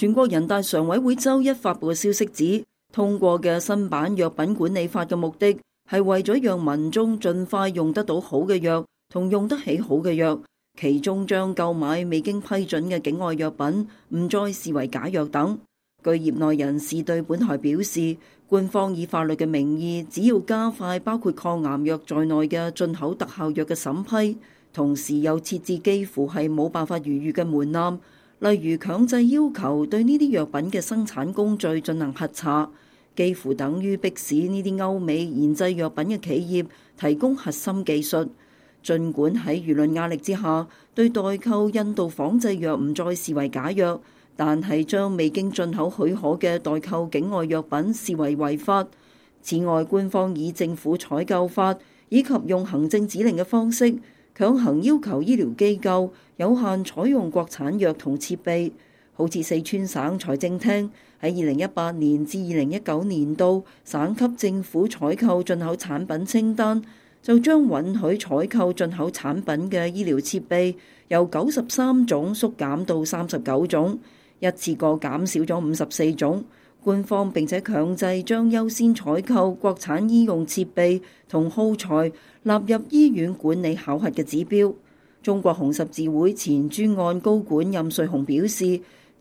全國人大常委會周一發佈嘅消息指，通過嘅新版藥品管理法嘅目的係為咗讓民眾盡快用得到好嘅藥同用得起好嘅藥，其中將購買未經批准嘅境外藥品唔再視為假藥等。據業內人士對本台表示，官方以法律嘅名義，只要加快包括抗癌藥在內嘅進口特效藥嘅審批，同時又設置幾乎係冇辦法逾越嘅門檻。例如強制要求對呢啲藥品嘅生產工序進行核查，幾乎等於迫使呢啲歐美研製藥品嘅企業提供核心技術。儘管喺輿論壓力之下，對代購印度仿製藥唔再視為假藥，但係將未經進口許可嘅代購境外藥品視為違法。此外，官方以政府採購法以及用行政指令嘅方式。強行要求醫療機構有限採用國產藥同設備，好似四川省財政廳喺二零一八年至二零一九年度省級政府採購進口產品清單，就將允許採購進口產品嘅醫療設備由九十三種縮減到三十九種，一次過減少咗五十四種。官方並且強制將優先採購國產醫用設備同耗材納入醫院管理考核嘅指標。中國紅十字會前專案高管任瑞紅表示，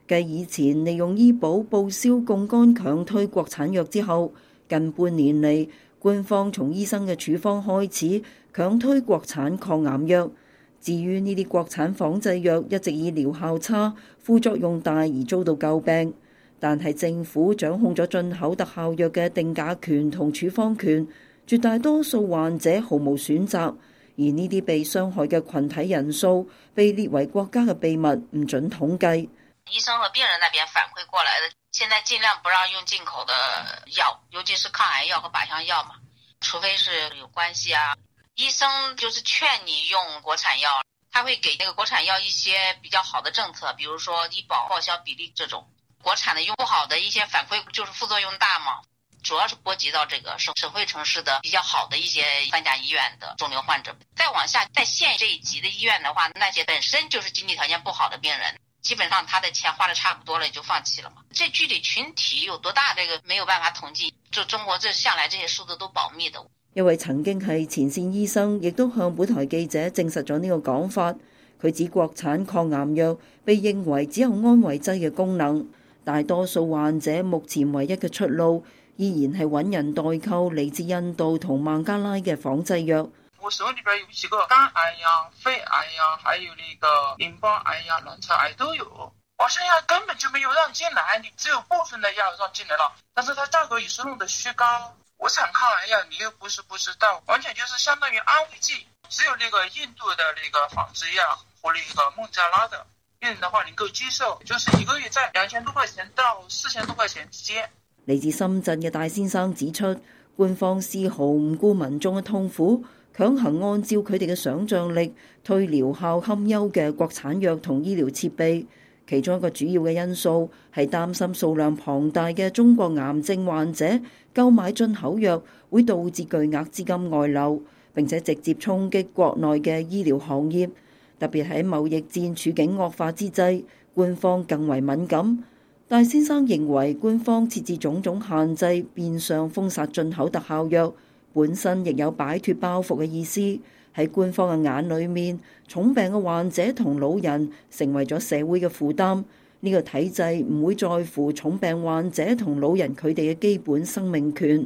繼以前利用醫保報銷槓桿強推國產藥之後，近半年嚟，官方從醫生嘅處方開始強推國產抗癌藥。至於呢啲國產仿製藥一直以療效差、副作用大而遭到詬病。但係政府掌控咗進口特效藥嘅定價權同處方權，絕大多數患者毫無選擇。而呢啲被傷害嘅群體人數被列為國家嘅秘密，唔準統計。醫生和病人那邊反饋過來的，現在盡量不讓用進口的藥，尤其是抗癌藥和靶向藥嘛，除非是有關係啊。醫生就是勸你用國產藥，他會給那個國產藥一些比較好的政策，比如說醫保報銷比例這種。國產的用不好的一些反饋就是副作用大嘛，主要是波及到這個省省會城市的比較好的一些三甲醫院的腫瘤患者。再往下，在縣這一級的醫院的話，那些本身就是經濟條件不好的病人，基本上他的錢花的差不多了也就放棄了嘛。這具體群體有多大，這個沒有辦法統計。就中國這向來這些數字都保密的。一位曾經係前線醫生，亦都向本台記者證實咗呢個講法。佢指國產抗癌藥被認為只有安慰劑嘅功能。大多數患者目前唯一嘅出路，依然係揾人代購嚟自印度同孟加拉嘅仿製藥。我手裏邊有幾個肝癌呀、啊、肺癌呀、啊，還有那個淋巴癌呀、啊、卵巢癌都有。我現在根本就沒有讓進來，你只有部分的藥讓進來了。但是它價格也是弄得虛高。我產抗癌藥，你又不是不知道，完全就是相當於安慰劑。只有那個印度的那個仿製藥，和那個孟加拉的。病人嘅話能夠接受，就是一個月在兩千多塊錢到四千多塊錢之間。嚟自深圳嘅戴先生指出，官方絲毫唔顧民眾嘅痛苦，強行按照佢哋嘅想象力推療效堪憂嘅國產藥同醫療設備。其中一個主要嘅因素係擔心數量龐大嘅中國癌症患者購買進口藥會導致巨額資金外流，並且直接衝擊國內嘅醫療行業。特別喺貿易戰處境惡化之際，官方更為敏感。戴先生認為，官方設置種種限制，變相封殺進口特效藥，本身亦有擺脱包袱嘅意思。喺官方嘅眼裏面，重病嘅患者同老人成為咗社會嘅負擔。呢個體制唔會在乎重病患者同老人佢哋嘅基本生命權。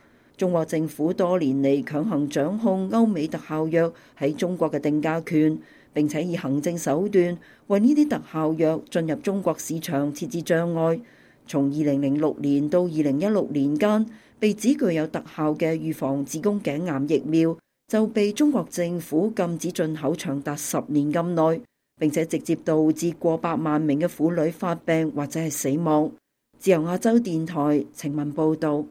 中國政府多年嚟強行掌控歐美特效藥喺中國嘅定價權，並且以行政手段為呢啲特效藥進入中國市場設置障礙。從二零零六年到二零一六年間，被指具有特效嘅預防子宮頸癌疫苗就被中國政府禁止進口長達十年咁耐，並且直接導致過百萬名嘅婦女發病或者係死亡。自由亞洲電台情文報道。